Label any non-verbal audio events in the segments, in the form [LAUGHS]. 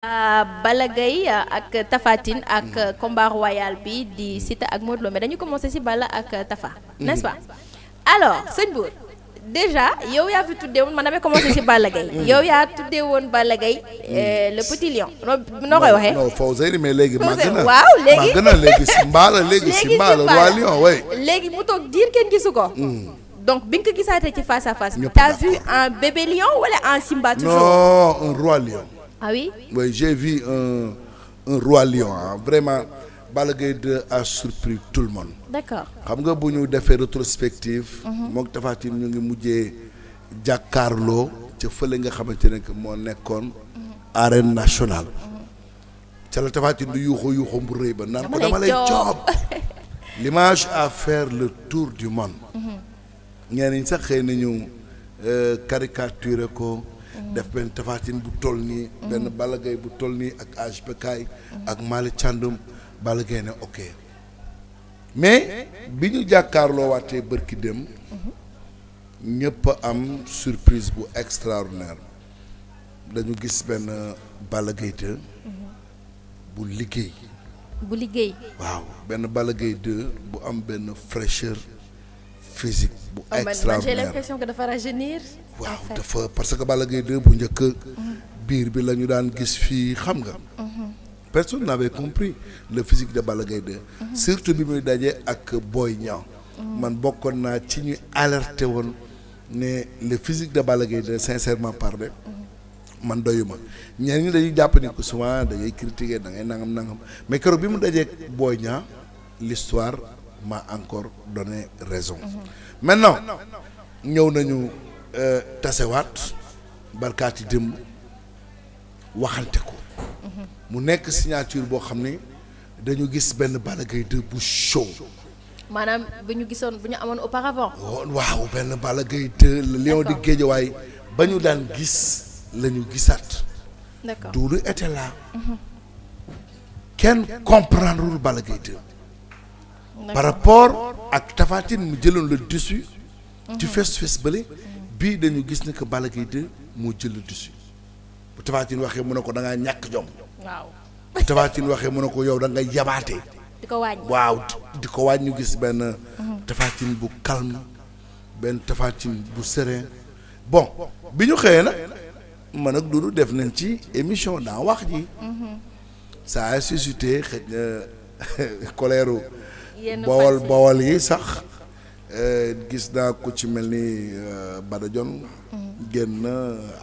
Euh, bala Gaye euh, ak Tapha ak euh, mm-hmm. combat royal bi di mm-hmm. Siteu ak Modou Lo dañu commencé ci Balla ak tafa mm-hmm. n'est-ce pas alors sëñ Bour déjà yow yaa fi tuddee woon man damay commencé ci Balla Gaye yow yaa tuddee woon Balla Gaye le petit noo koy waxee non Fawzeyni mais léegi màgg na waaw léegi màgg na léegi [LAUGHS] lion way léegi mu toog diir kenn gisu ko mm. donc bi nga ko gisaatee ci face à face t'as vu un bébé lion wala un Simba toujours non un lion Ah gv Oui, j'ai un, roi lion, vraiment. Balla Gaye 2 a surpris tout le monde. xam nga bu ñu defee rétrospective. Mhm. moom Tapha Tine ñu ngi mujjee jàkkaarloo. ca fële nga xamante ne que moo nekkoon. Mhm. arène nationale. Mhm. ca la Tapha Tine du yuuxu yuuxu bu rëy ba naan ko dama lay joob [LAUGHS] l'image à faire le tour du monde. ñeneen ñi sax xëy nañu euh, caricaturé ko. def benn tafatin bu toll nii benn Balla bu toll nii ak AJPK ak Malick Thiandoum Balla ne ok mais bi ñu jàkkaarloo waatee bërki dem ñëpp am surprise bu extraordinaire dañu gis benn Balla Gaye 2 bu liggéey bu liggéey waaw benn Balla Gaye bu am benn fraîcheur physique bu oh, extraordinaire j'ai l'impression que dafa rajeunir. waaw dafa parce que bala Gaye 2 bu njëkk mm-hmm. biir bi la ñu daan gis fii xam nga. Mm-hmm. personne n'avait compris le physique de bala Gaye 2. Mm-hmm. surtout bi muy dajee ak Boy Niang. man bokkoon naa ci ñu alerté woon ne le physique de Balla Gaye 2 sincèrement parlé. man doyuma ñeneen ñi dañuy jàpp ni ko souvent da ngay critiquer da ngay nangam nangam mais keroog bi mu dajee Boy Niang l'histoire m'a encore donné raison. maintenant ñëw nañu euh, tasewaat barkaati démb waxante ko. mu nekk signature boo xam ne dañu gis benn Balla Gaye bu show. maanaam bu ñu gisoon bu ñu amoon auparavant. Oh, waaw benn Balla Gaye 2 le lion de ba ñu daan gis lañu ñu gisaat. d'accord Doudou était là. Mhm. kenn comprendrewul Balla Gaye par rapport ak Tapha mu jëloon le dessus ci mhm. fees fees bële bii dañu gis ne que Balla Gaye 2 moo jël le dessus bu Tapha waxee mu ne ko da ñàkk jom waaw bu Tapha Tine waxee mu ne ko yow dangay nga yabaatee di ko waaj waaw di ko waaj ñu gis benn mhm. Tapha Tine bu calme benn Tapha bu serein bon bi ñu xëyee nag man ak Doudou def nañ ci émission daa wax ji mhm. ça a suscité [LAUGHS] bawal bawal yi sax eh, gis naa ko ci mel ni eh, Badajon mm-hmm. génn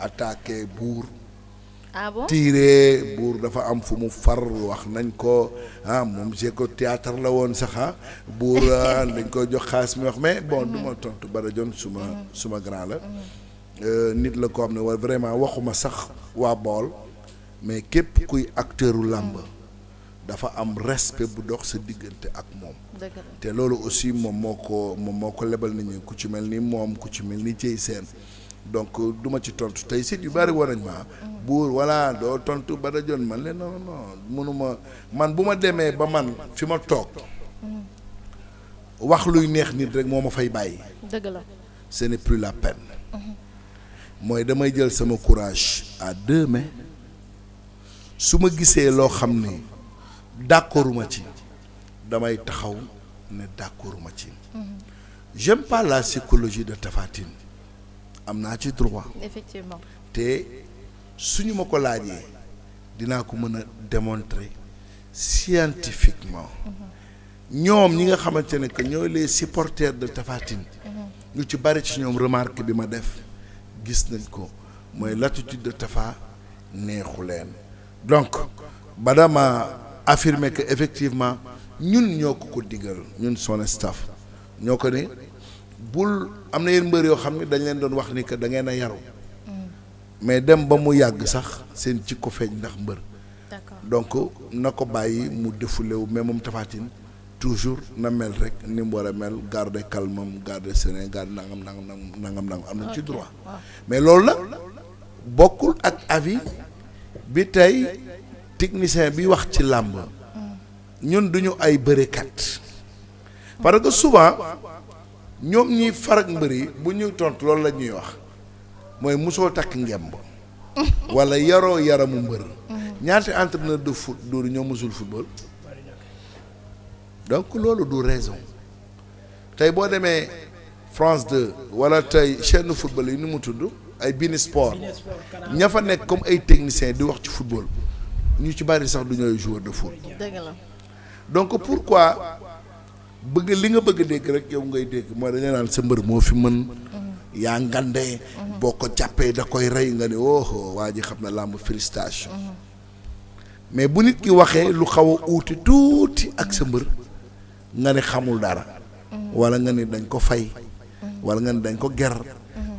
attaqué buur ah tiire buur dafa am fu mu far wax nañ ko ah moom j'ai ko théâtre la woon sax ah buur ah, [LAUGHS] dañ ko jox xaalis mi wax mais bon du ma mm-hmm. tontu Badajon suma mm-hmm. suma grand la eh, nit la ko am ne wa vraiment waxuma sax waa bool mais képp kuy acteuru làmb dafa am respect bu dox sa diggante ak moom te loolu aussi moom moo ko moom moo ko lebal nañu ku ci mel ni moom ku ci mel ni ciy seen donc euh, duma ci tontu tey sit yu bari war nañ ma buur voilà doo tontu ba dajoon man leen non non mënuma man bu ma demee ba man fi ma toog wax luy neex nit rek moo ma fay bàyyi dëgg la ce n'est mooy damay jël sama courage à deux mains su ma gisee loo xam ni d'accorduma ci damay taxaw ne d'accorduma ci j'aime pas la psychologie de tafaatin am naa ci droit te suñu ma ko laajee dinaa ko mën a démontrer scientifiquement ñoom ñi nga xamante ne que ñooy les supporters de tafaatin Tine ñu ci bari ci ñoom remarque bi ma def gis nañ ko mooy l'attitude de Tapha neexu leen donc badama affirmer que effectivement ñun ñoo ko ko digal ñun son staff ñoo ko ni bul am na yenn mbër yoo xam ne dañ leen doon wax ni que da ngeen a yaru mais dem ba mu yàgg sax seen ci ko feeñ ndax mbër donc na ko bàyyi mu défulé wu mais moom Tapha Tine toujours na mel rek ni mu war a mel garder calme am garder serein garder nangam nangam nangam am nañ ci droit mais loolu nag bokkul ak avis bi tey technicien bi wax ci làmb ñun du duñu ay bërekat parce que souvent ñoom ñi farak mbër yi bu ñuy tontu loolu la ñuy wax mooy mosoo takk ngemb wala yaroo yaramu mbër ñaati entraîneur de foot dooru ñoo mosul football donc loolu du raison tey boo demee France 2 wala tey chaîne football yi ni mu tudd ay bini sport ña fa nekk comme ay technicien di wax ci football ñu ci bari sax du ñooy joueur de foot. dëgg la donc pourquoi bëgg li nga bëgg dégg rek yow ngay dégg mooy dañu naan sa mbër moo fi mën. yaa ngande. boo ko jàppee da koy rey nga ne oh waa ji xam na làmb félicitation. mais bu nit ki waxee lu xaw a uuti tuuti ak sa mbër nga ne xamul dara. Mm. wala nga ne dañ ko fay. Mm. wala nga ne dañ ko ger.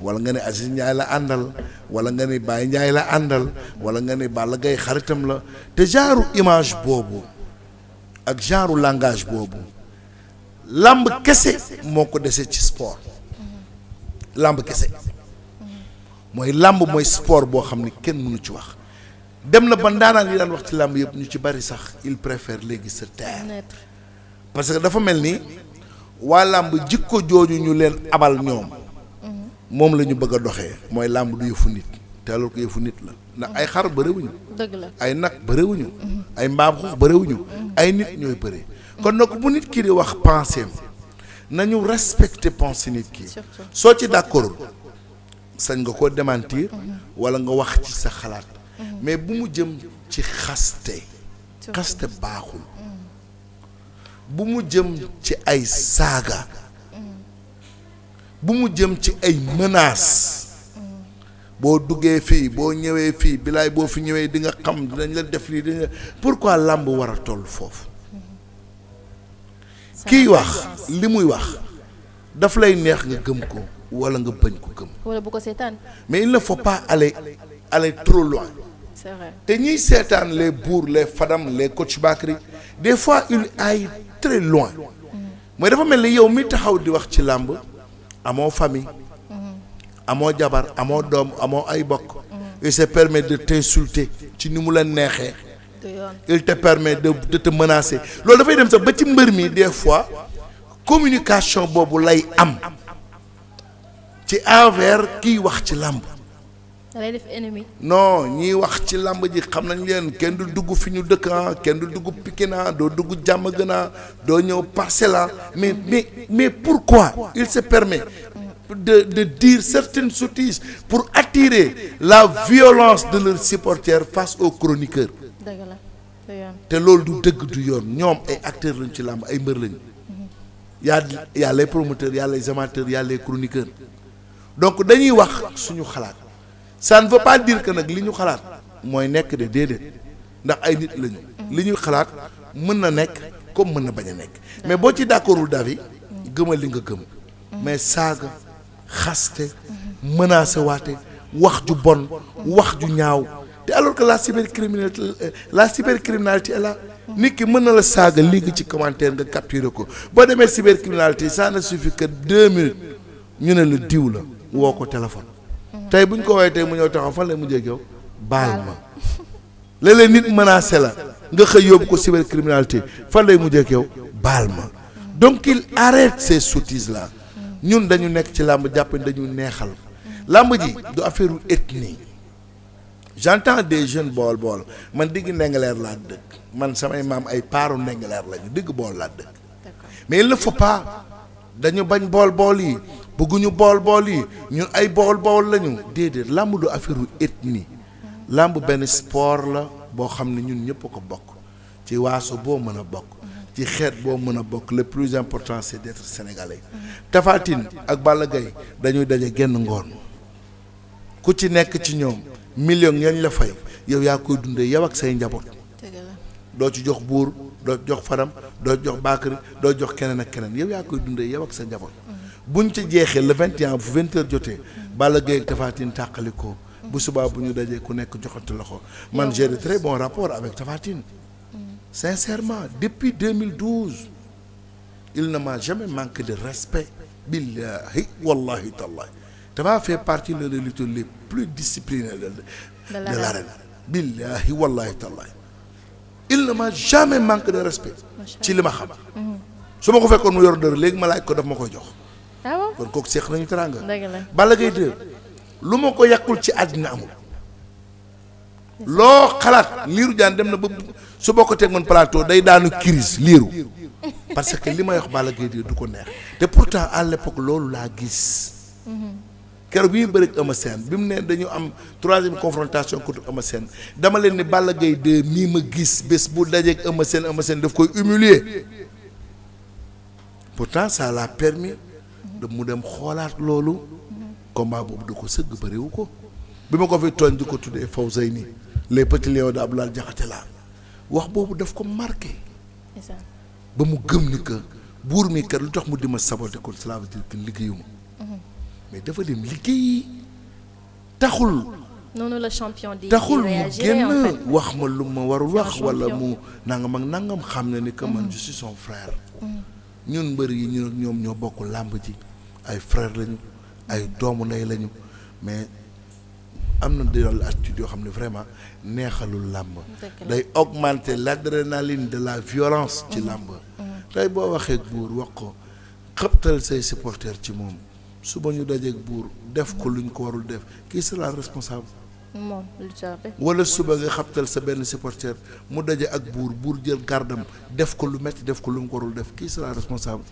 wala nga ne Aziz Ndiaye la àndal wala nga ne Baye Ndiaye la àndal wala nga ne Balla Gaye xaritam la te genre image boobu ak genre langage boobu làmb kese moo ko dese ci sport làmb kese mooy làmb mooy sport boo xam ne kenn mënu ci wax dem na ba ndaanaan yi daan wax ci làmb yëpp ñu ci bari sax il préfère léegi se taire parce que dafa mel ni waa làmb jikko jooju ñu leen abal ñoom moom la ñu bëgg a doxee mooy làmb du yëfu nit te alors que yëfu nit la ndax ay xar bëriwuñu dëgg la ay nag bëriwuñu ay mbaam xuux bëriwuñu ay nit ñooy bëri kon ko bu nit kii di wax pensée nañu respecter pensée nit kii soo ci d'accord sañ nga koo démentir walla nga wax ci sa xalaat mais bu mu jëm ci xaste xaste baaxul bu mu jëm ci ay saaga bu mu jëm ci ay menaces boo duggee fii boo ñëwee fii bilaay boo fi ñëwee di nga xam dinañ la def lii dinañ la pourquoi làmb war a toll foofu kiy wax li muy wax daf lay neex nga gëm ko wala nga bañ ko gëm. wala bu ko seetaan. mais il ne faut pas aller aller trop loin. c'est te ñiy seetaan les buur les fadam les coach Bakri des fois il ay très loin. mooy mm. dafa mel ni yow mi taxaw di wax ci làmb. amoo famille mm-hmm. amoo jabar amoo doom amoo ay bokk mm-hmm. il se permet de t'insulter ci ni mu leen neexee il te permet de de te menacer loolu dafay dem sax ba ci mbër mi des fois communication boobu lay am ci envers kiy wax ci làmb da lay non ñuy wax ci làmb ji xam nañ leen kenn du dugg fi ñu dëkk ah, kenn du dugg Pikina ah, doo dugg Diamaguène ah, doo ñëw Parcelles ah mais mais mais pourquoi il se permet de de dire certaines sottises pour attirer la violence de leurs supporters face aux chroniqueurs. dëgg te loolu du dëgg du yoon ñoom ay acteurs lañ ci làmb ay mbër lañ mhm. yaa y a les promoteurs y a les amateurs y a les donc dañuy wax suñu xalaat. ça ne veut pas nag li ñu xalaat mooy nekk de déedéet ndax ay nit lañu li ñuy xalaat mën na nekk comme mën na bañ a nekk mais boo ci d'accordul davi gëmal li nga gëm mais saaga xaste menacé waate wax ju bon wax ju ñaaw te alors que la cybercriminalité euh, la cybercriminalité est là nit ki mën na la saaga lii nga ci commentaire nga capturer ko boo demee cybercriminalité ça ne suffit que deux minutes ñu ne la diw la woo ko téléphone Mhm. tey buñ ko woowee tey mu ñëw taxaw fan lay mujjee yow baal ma léeg-léeg nit menacé la nga xëy yóbbu ko cybercriminalité fan lay mujjee yow baal ma donc il arrête ces sottises là ñun dañu nekk ci làmb jàpp ne dañu neexal làmb ji du affaire ethnie j'entends des jeunes bool bool man digg ndengaleer laa dëkk man samay maam ay paaru ndengaleer lañu digg bool laa dëkk mais il ne dañu bañ bool bool yi bëgguñu bool bool yi ñun ay bool bool lañu déedéet làmb du affaire ethnie làmb benn sport la boo xam ne ñun ñëpp ko bokk ci waaso boo mën a bokk ci xeet boo mën a bokk le plus important c'est d'être sénégalais Tapha ak Balla Gaye dañuy daje genn ngoon ku ci nekk ci ñoom million yañ la fay yow yaa koy dundee yow ak say njaboot doo ci jox buur doo jox faram doo jox baakari doo jox keneen ak keneen yow yaa koy dundee yow ak sa njaboot buñ ca jeexee le 21 bu 20 heures jotee Balla Gaye ak Tapha Tine tàqali ko bu subaa bu ñu dajee ku nekk joxante loxo man j'ai de très bons rapports avec Tapha Tine sincèrement depuis 2012 il ne m'a jamais manqué de respect billahi wallahi tallahi Tapha fait partie de les lutteurs les plus disciplinés de de l'arène billahi wallahi tallahi il ne m'a jamais manqué de respect ci li ma xam mm-hmm. su ma ko fekkoon mu yor dër léegi ma laaj ko daf ma koy jox waaw ah kon kooku seq nañu teraanga. dëgg la Balla Gaye 2 lu ma ko yàqul ci àddina amul. loo xalaat liiru jaan dem na ba su boo ko teg man plateau day daanu crise liiru parce que li ma wax Balla Gaye 2 du ko neex te pourtant à l'époque loolu laa gis. keroog bi ñu bëri ak Eumeu Sène bi mu ne dañu am troisième confrontation contre Eumeu Sène dama leen ni Balla Gaye 2 ma gis bés bu dajeeg Eumeu Sène Eumeu Sène daf koy humilier pourtant ça l'a permis da mu dem xoolaat loolu combat boobu da ko sëgg bëriwu ko bi ma ko fi di ko tuddee Fawzeyni les petits lions de Abdoulaye Diakhaté la wax boobu daf ko marqué ba mu gëm ni lu tax mu di ma saboté kon cela veut dire que liggéeyuma mhm. dafa dem liggéeyi taxul noonu la taxul mu génn wax ma lu ma warul wax wala mu nangam ak nangam xam ne ni que man mhm. je suis son frère mhm. ñun mbër yi ñun ak ñoom ñoo bokkul làmb ji ay frère lañu ay doomu ndey lañu mais am na dal attitude yoo xam ne vraiment neexalul làmb day augmenter l'adrénaline de la violence ci mm-hmm. làmb mm-hmm. tey boo waxee buur wax ko xëptal say supporters ci moom suba ñu dajeeg buur def ko luñ ko warul def qui sera responsable walla suba nga xaptal sa benn supporter mu daje ak buur buur jël gardam def ko lu metti def ko lu mu warul def kii sera responsable